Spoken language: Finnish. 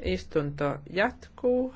Istunto jatkuu.